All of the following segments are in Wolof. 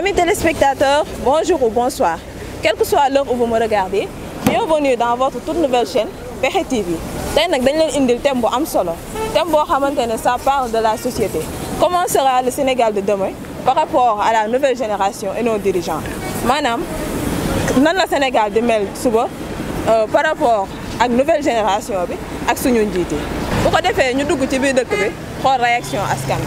Amis téléspectateurs, bonjour ou bonsoir. Quelle que soit l'heure où vous me regardez, bienvenue dans votre toute nouvelle chaîne Pexxe TV. tey nag dañ leen indil thème bu am solo thème boo xamante ne ça parle de la société. Comment sera le Sénégal de demain par rapport à la nouvelle génération et nos dirigeants maanaam nan la Sénégal di mel suba euh, par rapport ak nouvelle génération bi ak suñu njiit yi bu ko defee ñu dugg ci biir dëkk bi xool réaction askan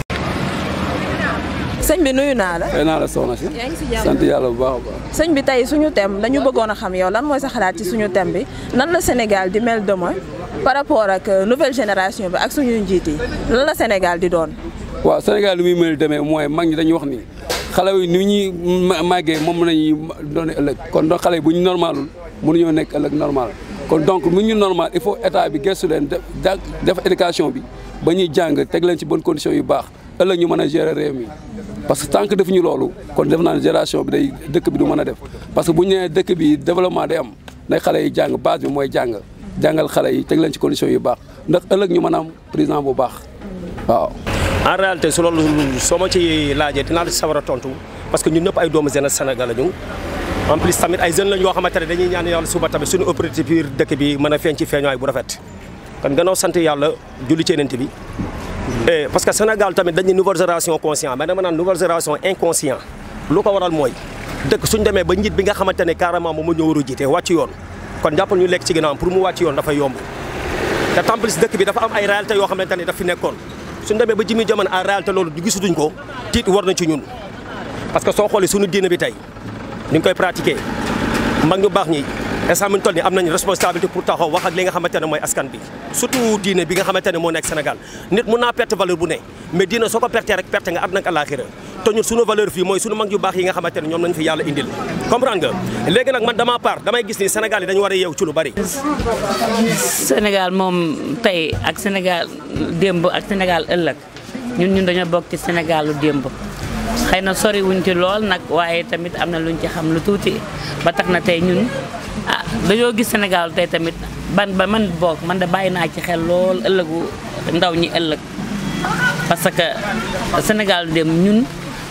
sëñ bi nuyu naa la. fay naa la soxna si. yaa ngi si jàmm sant yàlla bu baax a baax. sëñ bi tey suñu thème dañu bëggoon a xam yow lan mooy sa xalaat ci suñu thème bi nan la Sénégal di mel demain par rapport ak euh, nouvelle génération bi ak suñu njiit yi lan la Sénégal di doon. waaw Sénégal li muy mel demee mooy mag ñi dañuy wax nii xale yi ni ñuy màggee moom nañu doon ëllëg kon donc xale bu ñu normalul mënuñoo nekk ëllëg normal kon donc mu ñu normal il faut état bi gëstu leen def def éducation bi ba ñuy jàng teg leen ci bonnes conditions yu baax. ëllëg ñu mën a gérer réew mi parce que tant que ñu loolu kon def naa ne génération bi day dëkk bi du mën a def parce que bu ñu nee dëkk bi développement day am nay xale yi jàng base bi mooy jàng jàngal xale yi teg leen ci condition yu baax ndax ëllëg ñu mën a am président bu baax waaw. en réalité su loolu soo ma ci laajee dinaa la ci sawar a tontu parce que ñun ñëpp ay doomu jeune Sénégal lañu en plus tamit ay jeunes lañ yoo xamante ne dañuy ñaan yàlla suba tamit suñu opportunité biir dëkk bi mën a feeñ ci feeñaay bu rafet kon gannaaw sant yàlla julli ci Yonent bi. Eh, parce que Sénégal tamit dañ ne nouvelle génération conscient mais dama naan nouvelle génération inconscient lu ko waral mooy dëkk suñ demee ba njiit bi nga xamante ne carrément moom ñoo war a jiite wàcc yoon kon jàppal ñu lekk ci ginnaawam pour mu wàcc yoon dafa yomb te templis dëkk bi dafa am ay réalité yoo xamante ne daf fi nekkoon suñ demee ba jimi jamono ay réalité loolu di gisatuñ ko tiit war na ci ñun parce que soo xoolee suñu diine bi tey ni ñu koy pratiquer mag ñu baax ñi instant bi ñu toll nii am nañ responsabilité pour taxaw wax ak li nga xamante ne mooy askan bi surtout diine bi nga xamante ne moo nekk Sénégal nit mun naa perte valeur bu ne mais diine soo ko pertee rek perte nga àddina ak àllaaxira te ñun suñu valeur fii mooy suñu mag yu baax yi nga xamante ne ñoom lañ fi yàlla indil comprendre nga léegi nag man dama part damay gis ni Sénégal yi dañu war a yeew ci lu bari. Sénégal moom tey ak Sénégal démb ak Sénégal ëllëg ñun ñun dañoo bokk ci Sénégal démb. xëy na sori wuñ ci lool nag waaye tamit am na luñ ci xam lu tuuti ba tax na tey ñun dañoo gis Sénégal tey tamit ban ba man boog man de bàyyi naa ci xel lool ëllëgu ndaw ñi ëllëg parce que Sénégal dem ñun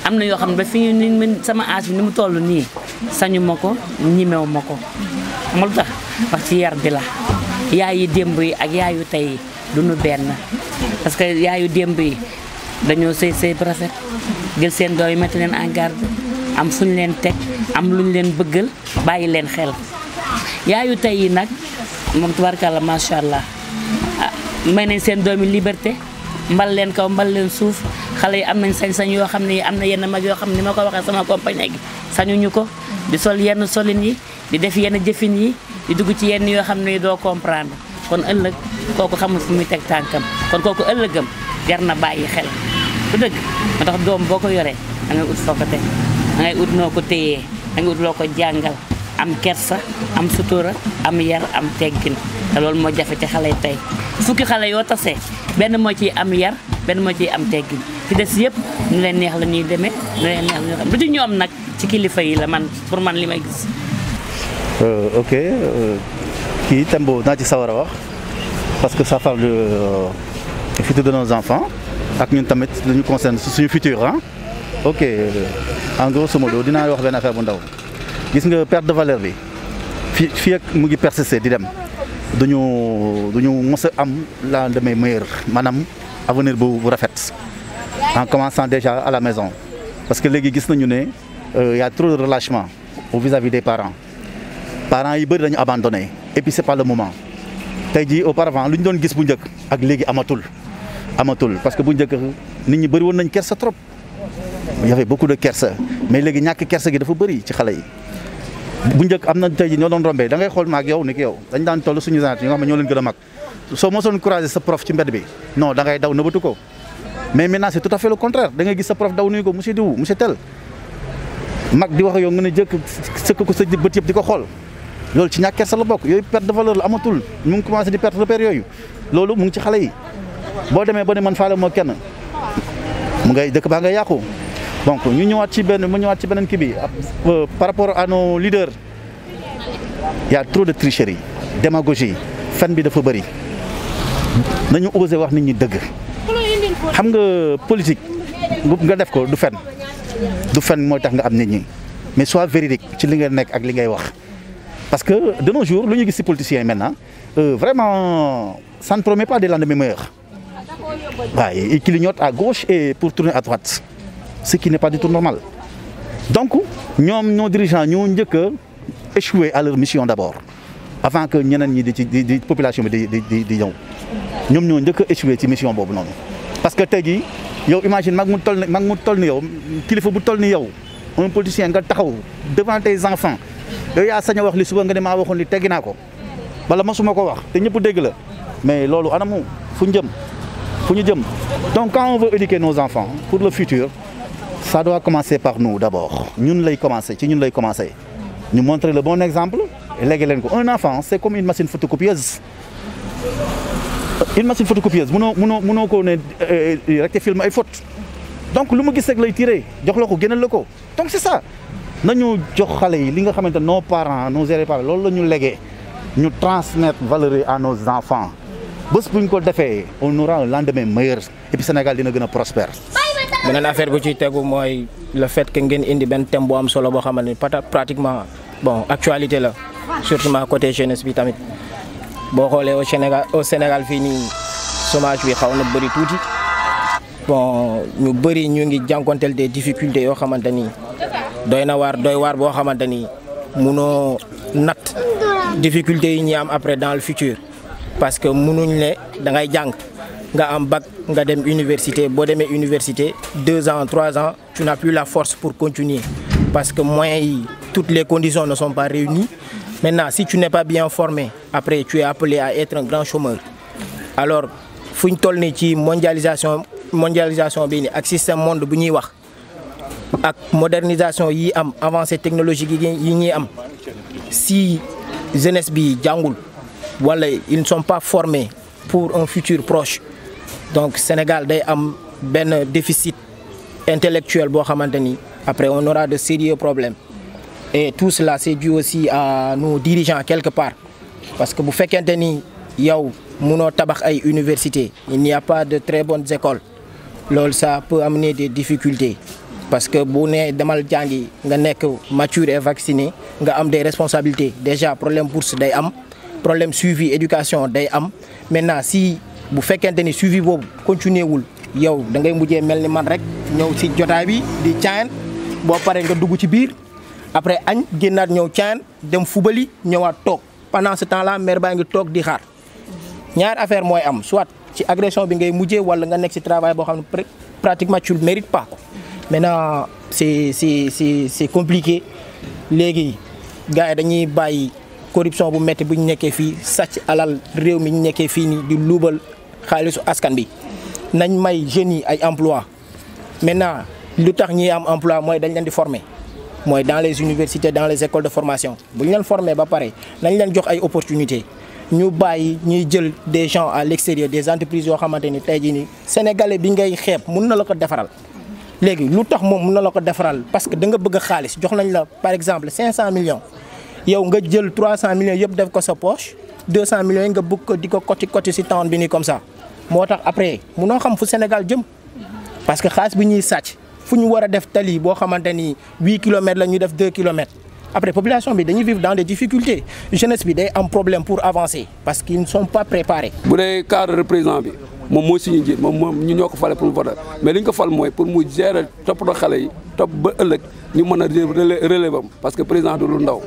am na yoo xam ne ba fi ñu ni sama âge bi ni mu toll nii sañu ma ko ñimew ma ko mu tax wax ci yar bi la yaayu démb yi ak yaayu tey yi duñu benn parce que yaayu démb yi dañoo sëy sëy bu rafet jël seen doom yi metti leen en garde am fu ñu leen teg am lu ñu leen bëggal bàyyi leen xel yaayu tey yi nag moom tubarkalla macha allah ah, may nañ seen doomi liberté mbal leen kaw mbal leen suuf xale yi am nañ sañ-sañ yoo xam ne yi am na yenn mag yoo xam ne ni ma ko waxee sama compagnie gi sañuñu ko di sol yenn solin yi di def yenn jëfin yi di dugg ci yenn yoo xam ne doo comprendre kon ëllëg kooku xamul fu muy teg tànkam kon ko ëllëgam jar na bàyyi xel bu dëgg ma tax doom boo ko yoree da ngay ut foo ko teg da ut noo ko téyee da loo ko jàngal am kersa am sutura am yar am teggin te loolu moo jafe ci xale yi tey fukki xale yoo tase benn moo ciy am yar benn moo yi am teggin ci des yëpp ñu leen neex la ñuy demee ñu leen neex la ñuy xam du ci ñoom nag ci kilifa yi la man pour man li may gis. Euh, ok euh, kii Tembo naa ci sawar a wax parce que ça parle du euh, futur de nos enfants ak ñun tamit lu ñu suñu futur ok en grosso modo wax benn affaire bu ndaw. gis nga perte de valeur bi fii fii mu ngi perse persister di dem duñu duñu mës a am la demee meilleur maanaam avenir bu bu rafet en commençant déjà à la maison parce que léegi gis nañu ne euh, y a trop de relâchement au vis-à-vis des parent parents yi bëri dañu abandonné et puis c'est pas le moment tey jii auparavant lu ñu doon gis bu njëkk ak léegi amatul amatul parce que bu njëkk nit ñi bëri woon nañ kersa trop y avait beaucoup de kersa mais léegi ñàkk kersa gi dafa bëri ci xale yi bu njëkk am na tey ji ñoo doon rombee da ngay xool maag yow ni ki yow dañ daan toll suñu génération yi nga xam ne ñoo leen gën a mag soo mosoon croiser sa prof ci mbedd bi non da ngay daw nëbatu ko mais maintenant c'est tout à fait le contraire da ngay gis sa prof daw nuyu mag di wax yow nga ne jëkk sëkk ko sa bët di ko xool loolu ci ñàkk kersa la bokk yooyu perte de valeur la amatul mu ngi commencé di perte repère yooyu loolu mu ngi ci xale yi boo demee ba ne man faale moo kenn mun ngay dëkk baa ngay yàqu donc ñu ñëwaat ci benn mu ci beneen kii bi euh, par rapport à nos leaders y a trop de tricherie démagogie fen bi dafa bëri nañu osé wax nit ñi dëgg xam nga politique nga def ko du fen du fen mooy tax nga am nit ñi mais soit véridique ci li nga nekk ak li ngay wax parce que de nos jours lu ñu gis ci politiciens yi maintenant euh, vraiment ça ne promet pas des lendemains meilleurs waaye ils clignotent à gauche et pour tourner à droite ce qui n'est pas du tout normal. Donc, nous, nos dirigeants, nous avons que échouer à leur mission d'abord, avant que les populations de Nous avons que échouer à cette mission. Parce que aujourd'hui, yow imagine mag mu toll ni mag mu toll ni yow kilifa bu toll ni yow un politicien nga taxaw devant tes enfants yow yaa sañ wax li suba nga ne maa waxoon li teggi naa ko wala masuma ko wax te ñëpp dégg la mais loolu anamu fu ñu jëm fu ñu jëm donc quand on veut éduquer nos enfants pour le futur ça doit commencer par nous d'abord ñun lay commencer ci ñun lay commencer ñu montrer le bon exemple léegi leen ko un enfant c'est comme une machine photocopieuse une machine photocopieuse mënoo mënoo mënoo ko ne euh, euh, rek film ay faute donc lu mu gis rek lay tiré jox la ko génnal la ko donc c'est ça nañu jox xale yi li nga xamante nos parents nos gérés parents loolu la ñu legee ñu transmettre valeur yi à nos enfants bés bu ñu ko defee on aura un lendemain meilleur et puis dina gën a prospère beneen affaire bu ci tegu mooy le fait que ngeen indi benn thème bu am solo boo xamante ni pratiquement bon actualité la surtout côté jeunesse bi tamit boo xoolee au Sénégal au Sénégal fii nii chômage bi xaw na bëri tuuti bon ñu bëri ñu ngi jànkonteel des difficultés yoo xamante ni doy na waar doy waar boo xamante ni munoo natt difficultés yi ñuy am après dans le futur parce que munuñ ne da ngay jàng nga am bac nga dem université boo demee université deux ans trois ans tu n'as plus la force pour continuer parce que moyens yi toutes les conditions ne son pas réunies maintenant si tu n'es pas bien formé après tu es appelé à être un grand chômeur alors fu toll nii ci mondialisation mondialisation bi ni ak système monde bu ñuy wax ak modernisation yi am technologie technologique yi ñuy am si jeunesse bi jàngul wala ils ne sont pas formés pour un futur proche donc Sénégal day am benn déficit intellectuel boo xamante ni après on aura de sérieux problèmes et tout cela c'est dû aussi à nu dirigent quelque part parce que bu fekkente ni yow mënoo tabax ay université il n'y a pas de très bonnes écoles loolu ça peut amener des difficultés parce que bu nee demal jàngi nga nekk mature et vacciné nga am des responsabilités déjà problème bourse day am problème suivi éducation day am maintenant si bu fekkente ni suivi boobu continuer wul yow da ngay mujjee mel ni man rek ñëw si jotaay bi di caayan boo paree nga dugg ci biir après añ génnaat ñëw caayan dem fubali ñëwaat toog pendant ce temps là maire baa ngi toog di xaar ñaar affaire mooy am soit ci agression bi ngay mujjee wala nga nekk si travail boo xam ne pratiquement tu le mérites pas ko maintenant c'est c'est c'est c'est compliqué léegi gars yi dañuy bàyyi corruption bu métti bu ñu nekkee fii sàcc alal réew mi ñu nekkee fii nii di luubal xaalisu askan bi nañ may jeunes yi ay emploi maintenant lu tax ñi am emploi mooy dañ leen di former mooy dans les universités dans les écoles de formation bu ñu leen ba pare nañ leen jox ay opportunités ñu bàyyi ñuy jël des gens à l'extérieur des entreprises yoo xamante ni tey jii nii sénégalais bi ngay xeeb mun na la ko defaral. léegi lu tax moom mun na la ko defaral parce que da nga bëgg xaalis jox nañ la par exemple 500 millions yow nga jël 300 millions yëpp def ko sa poche 200 millions yi nga bëgg ko di ko koti koti si temps bi nii comme ça. moo tax après munoo xam fu Sénégal jëm parce que xaalis bi ñuy sàcc fu ñu war a def tali boo xamante ni huit kilomètres la ñu def deux kilomètres après population bi dañuy vivre dans des difficultés jeunesse bi day am problème pour avancer parce qu'ils ne sont pas préparés. bu dee cadre représentant bi moom moo suñu njiit moom moom ñu ñoo ko fale pour mu voter mais li ko fal mooy pour mu gérer toppatoo xale yi topp ba ëllëg ñu mën a relève am parce que président du lu ndaw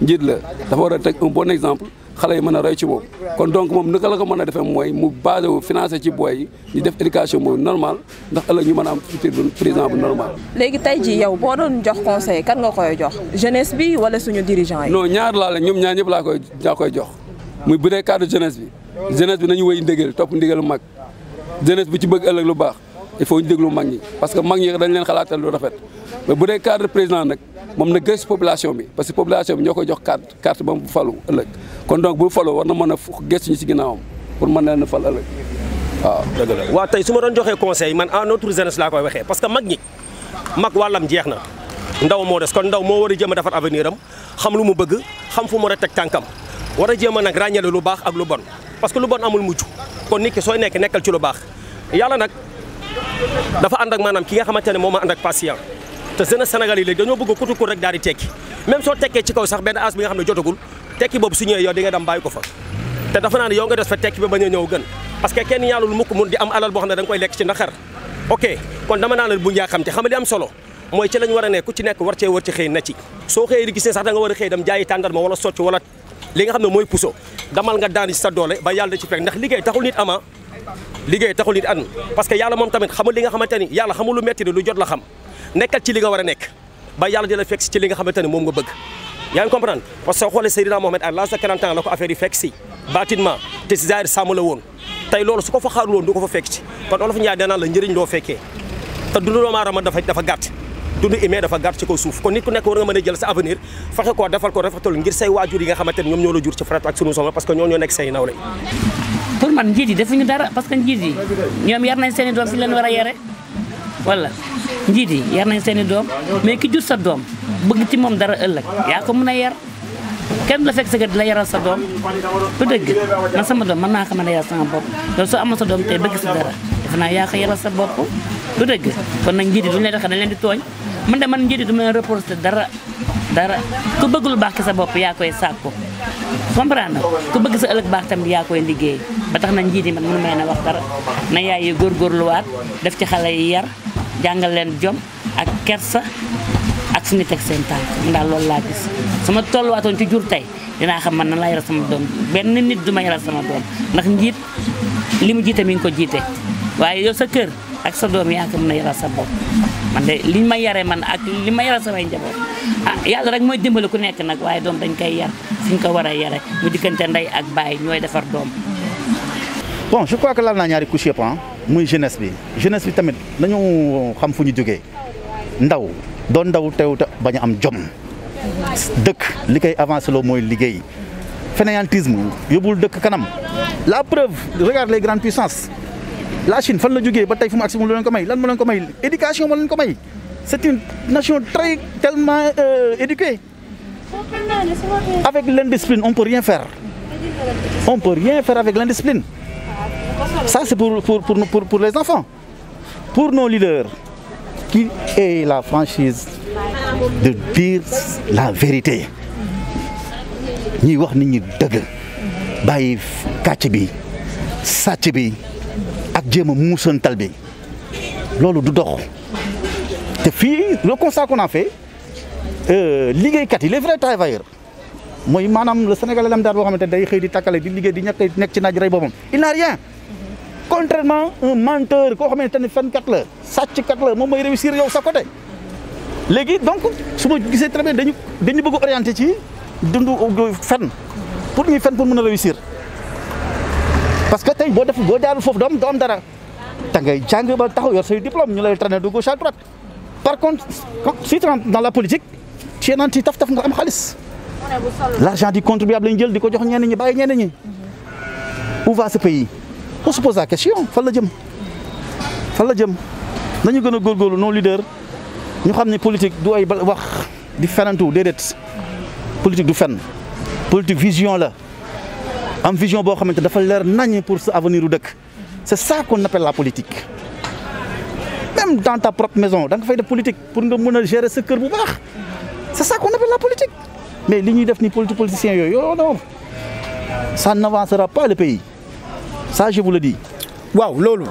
njiit la dafa war a exemple. xale yi mën a roy ci moom kon donc moom naka la ko mën a defee mooy mu basé wu financé ci booy yi ñu def éducation boobu normal ndax ëllëg ñu mën a am futur bu président bu normal léegi tey jii yow boo doon jox conseil kan nga koy jox jeunesse bi wala suñu dirigeant yi non ñaar laa la ñoom ñaar ñëpp laa koy laa koy jox muy bu dee cadre jeunesse bi jeunesse bi nañu wéy ndigal topp ndigalu mag jeunesse bi ci bëgg ëllëg lu baax il faut ñu déglu mag ñi parce que mag ñi dañ leen xalaatal lu rafet mais bu dee cadre président nag moom na gëstu population bi parce que population bi ñoo koy jox carte carte ba mu falu ëllëg kon donc bu falu war na mën a gëstu ñu si ginnaawam pour mën leen a fal ëllëg waaw. dëgg la waaw tey su ma doon joxee conseil man en notre jeunesse laa koy waxee parce que mag ñi mag wàllam jeex na ndaw moo des kon ndaw moo war a jéem a defar avenir am xam lu mu bëgg xam fu mu war a teg tànkam war a jéem a nag ràññale lu baax ak lu bon parce que lu bon amul mujj kon nit ki sooy nekk nekkal ci lu baax yàlla nag dafa ànd ak maanaam ki nga xamante ne moom a ànd ak patient te jeunesse Sénégal yi léegi dañoo bëgg kutu kur rek daal di tekki même soo tekkee ci kaw sax benn as bi nga xam ne jotagul tekki boobu su ñëwee yow di nga dem ko fa te dafa naa yow nga des fa tekki ba bañ a ñëw gën parce que kenn ñaanul mukk mun di am alal boo xam ne da koy lekk ci ndaxar ok kon dama naa la bu njaa xam te xam li am solo mooy ci a ne nga war a xëy dem ne mooy puso damal nga daan ci sa doole ba yàlla da ci fekk ndax liggéey taxul nit ama liggéey taxul nit an moom tamit xamul li nga xamante ni yàlla xamul lu metti lu jot la xam nekkal ci li nga war a nekk ba yàlla di la fekk ci li nga xamante ne moom nga bëgg yaa ngi comprendre parce que soo xoolee Seydina Mohamed à l'âge de 40 ans la ko fekk si bâtiment te si zaahir sàmm la woon tey loolu su ko fa xaarul woon du ko fa fekk ci kon suuf kon nit ku nekk war nga mën a avenir fexe ko defal ko rafetal ngir say waajur yi nga xamante ne ñoom ñoo la jur ci parce que ñoo nekk say nawle pour man njiit defuñu dara parce que wala njiit yi yar nañ seeni doom mais ki jur sa doom bëgg ci moom dara ëllëg yaa ko mën a yar kenn la fekk sa kër di la yaral sa doom bu dëgg man sama doom mën naa ko mën a yaral sama bopp loolu sa doom tey bëgg si dara defe naa yaa ko sa bopp bu dëgg kon nag njiit yi duñu lay tax dañ leen di tooñ man de man njiit yi du ma leen reporté dara dara ku bëgg baax ki sa bopp yaa koy sàkku comprendre ku bëgg sa ëllëg baax tamit yaa koy liggéey ba tax na njiit yi man mënu may na wax dara na yaay yi góorgóorluwaat def ci xale yi yar jàngal leen jom ak kersa ak suñu teg seen tànk mu daal loolu laa gis sama tolluwaatoon ci jur tey dinaa xam man na laa yaral sama doom benn nit du ma sama doom ndax njiit li mu jiite mi ngi ko jiite waaye yow sa kër ak sa doom yaa ko mën a yaral sa bopp man de li ma yare man ak ma yaral samay njaboot ah yàlla rek mooy dimbali ku nekk nag waaye doom dañ koy yar fi ñu ko war a yare mu diggante ndey ak baay ñooy defar doom bon je crois que laal naa ñaari couche yëpp muy jeunesse bi jeunesse bi tamit nañu xam fu ñu jógee ndaw doon ndaw teew te bañ a am jom dëkk li koy avancé loo mooy liggéey fainéantisme yóbbul dëkk kanam la preuve regarde les grandes puissances la Chine fan la jógee ba tey fu mu agsi mu leen ko may lan ma leen ko may éducation ma leen ko may c'est une nation très tellement euh, éduquée avec l'indiscipline on peut rien faire on peut rien faire avec l'indiscipline Ça, c'est pour, pour, pour, pour, pour les enfants. Pour nos leaders, qui aient la franchise de dire la vérité. ñuy wax nit ñi dëgg bàyyi kàcc bi sacc bi ak jéem a muusantal bi loolu du dox te fii le constat qu'on a fait euh, liggéeykat yi les vrais travailleurs mooy maanaam le Sénégalais lam daal boo xamante day xëy di takkale di liggéey di ñàkk nekk ci naaj rey boppam il n'a rien contrairement un menteur koo xamante ne fenkat la sàcckat la moom mooy réussir yow sa côté léegi donc su ma gisee très dañu dañu bëgg orienté ci dundu fen pour ñuy fen pour mun a réussir parce que tey boo def boo jaarul foofu doom am doo am dara te ngay jàng ba taxaw yor say diplôme ñu lay traîner de gauche à droite par contre si tu rentres dans la politique ci naan ci taf-taf nga am xaalis l'argent du contribuable lañ jël di ko jox ñenn ñi bàyyi ñenn ñi où va ce pays on se pose question fan la jëm fan la jëm nañu gën a góorgóorlu nos leaders ñu xam ne politique du ay wax di fenantu déedéet politique du fen politique vision la am vision boo xamante dafa leer nañ pour sa avenir u dëkk c'est ça qu'on appelle la politique même dans ta propre maison da nga fay def politique pour nga mën a gérer sa kër bu baax c'est ça qu'on appelle la politique mais li ñuy def ni politique politicien yooyu yoo oh non ça n'avancera pas le pays ça je vous le waaw loolu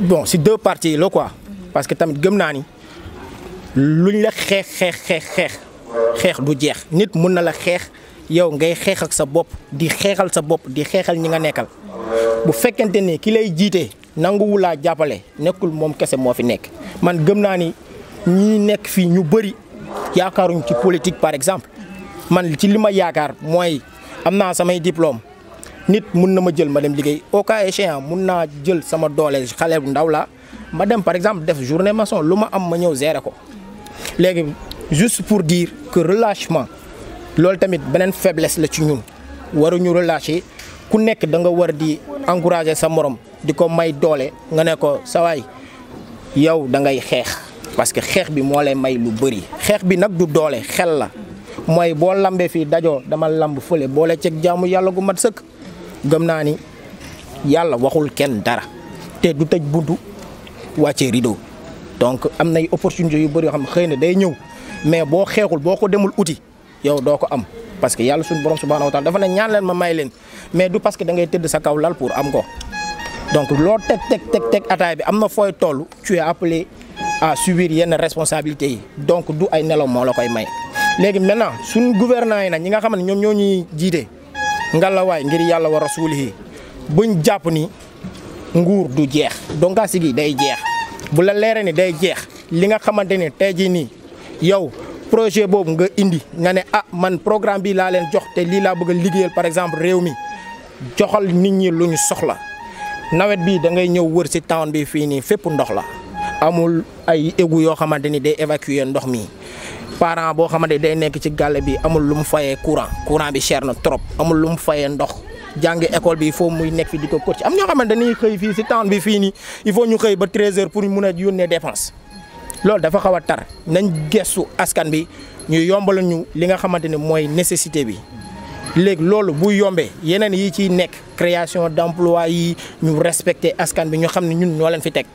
bon si deux partie la quoi parce que tamit gëm naa ni luñ la xeex xeex xeex xeex xeex du jeex nit mun na la xeex yow ngay xeexak sa bopp di xeexal sa bopp di xeexal ñi nga nekkal bu fekkente ni ki lay jiite nanguwulaa jàppale nekkul moom kese moo fi nekk man gëm naa ni ñii nekk fii ñu bëri yaakaaruñ ki politique par exemple man ci li ma yaakaar mooy am naa samay diplôme nit mun na ma jël ma dem liggéey au cas échéant mun naa jël sama doole xale bu ndaw la ma dem par exemple def journée maçon lu ma am ma ñëw gérer ko léegi juste pour dire que relâchement loolu tamit beneen faiblesse la ci ñun ñu relâcher ku nekk da nga war di encourager sa morom di ko may doole nga ne ko sa waay yow da ngay xeex parce que xeex bi moo lay may lu bëri. xeex bi nag du doole xel la mooy boo lambee fii dajoo dama lamb fële boole ceeg jaamu yàlla gu mat sëkk. gëm naa ni yàlla waxul kenn dara te du tëj buntu wàccee rideau donc am nay opportunité yu bëri yoo xam ne xëy na day ñëw mais boo xeexul boo ko demul uti yow doo ko am parce que yàlla suñu borom subhanahu wa taala dafa na ñaan leen ma may leen mais du parce que da ngay tëdd sa kaw lal pour am ko donc loo teg teg teg teg ataay bi am na fooy toll tu es appelé à subir yenn responsabilités yi donc du ay nelaw moo la koy may léegi maintenant suñu gouvernants yi nag ñi nga xam ne ñoom ñoo ñuy jiite ngalawaay ngir yàlla wa rasuulihi buñ jàpp ni nguur du jeex dongaasi gi day jeex bu la leeree ni day jeex li nga xamante ne te jii nii yow projet boobu nga indi nga ne ah man programme bi laa leen jox te lii laa bëgg a par exemple réew mi joxal nit ñi lu soxla nawet bi da ngay ñëw wër si town bi fii nii fépp ndox la amul ay égout yoo xamante ni day évacuer ndox mi. parent boo xamante day nekk ci gàlle bi amul lu mu fayee courant courant bi cher na trop amul lu mu fayee ndox jàngi école bi il faut muy nekk fi di ko kër ci am ñoo xamante dañuy xëy fii si bi fii nii il ñu xëy ba pour mun a yónnee dépense loolu dafa xaw a tar nañ gestu askan bi ñu yombal ñu li nga xamante ne mooy nécessité bi léegi loolu bu yombee yeneen yi ciy nekk création d'emploi yi ñu respecter askan bi ñu xam ne ñun ñoo leen fi teg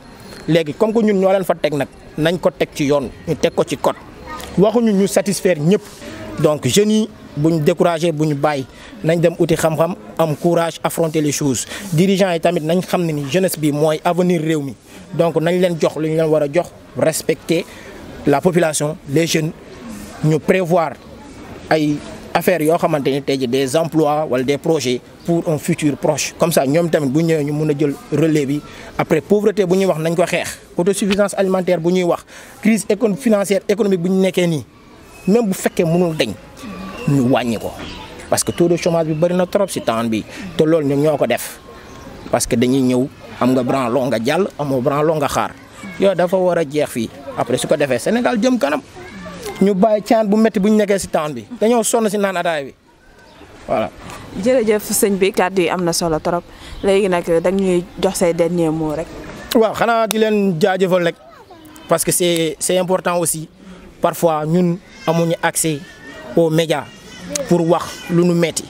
léegi comme que ñun ñoo leen fa teg nag nañ ko teg ci yoon ñu teg ko ci code waxuñu ñu satisfaire ñëpp donc jeunes yi bu ñu découragé bu ñu bàyyi nañ dem uti xam-xam am courage affronter les choses dirigeants yi tamit nañ xam ne ni jeunesse bi mooy avenir réew mi donc nañ leen jox lu leen war a jox respecter la population les jeunes ñu prévoir ay. affaire yoo xamante ni tey ji des emplois wala des projets pour un futur proche comme ça ñoom tamit bu ñëwee ñu mun a jël relais bi après pauvreté bu ñuy wax nañ ko xeex autosuffisance alimentaire bu ñuy wax crise éco bu nekkee nii même bu fekkee mënul dañ ñu wàññi parce que taux de chômage bi bëri na trop si temps bi te loolu ñoom ñoo ko def parce que dañuy ñëw am nga branlo a jàll amoo branlo nga xaar yooyu dafa war a jeex fii après su ko defee ñu bàyyi caan bu métti bu ñu nekkee si taan bi dañoo sonn si naan ataay bi voilà. jërëjëf sëñ bi kàddu yi am na solo trop léegi nag da ñuy jox say dernier mot rek. waaw xanaa di leen jaajëfal rek parce que c'est c'est important aussi parfois ñun amuñu accès aux médias pour wax lu nu metti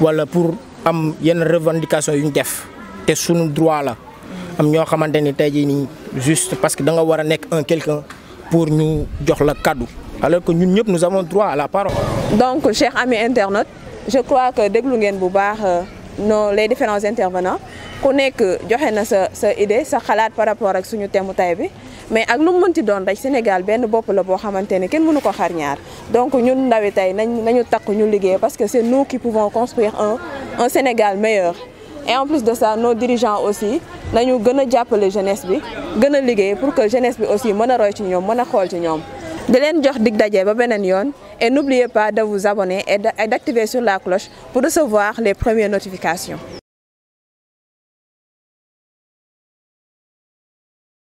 wala pour am yenn revendication yu ñu def te sunu droit la am ñoo xamante ni tey jii nii juste parce que da nga war a nekk un quelqu'un pour ñu jox la kàddu. alors que ñun ñëpp nous avons droit à la parole. donc chers amis internautes je crois que déglu ngeen bu baax euh, no les différents intervenants ku nekk joxe na sa sa idée sa xalaat par rapport ak suñu thème tay bi mais ak lu mu mënti doon rek Sénégal benn bopp la boo xamante ne kenn mënu ko xar ñaar donc ñun ndawi tey nañ nañu takk ñu liggéey parce que c'est nous qui pouvons construire un un Sénégal meilleur. et en plus de sa nos dirigeants aussi nañu gën a jàppale jeunesse bi gën a liggéey pour que jeunesse bi aussi mën a mën a xool ci ñoom. di leen jox dig daje ba beneen yoon et n'oubliez pas de vous abonner et d'activer sur la cloche pour recevoir les premières notifications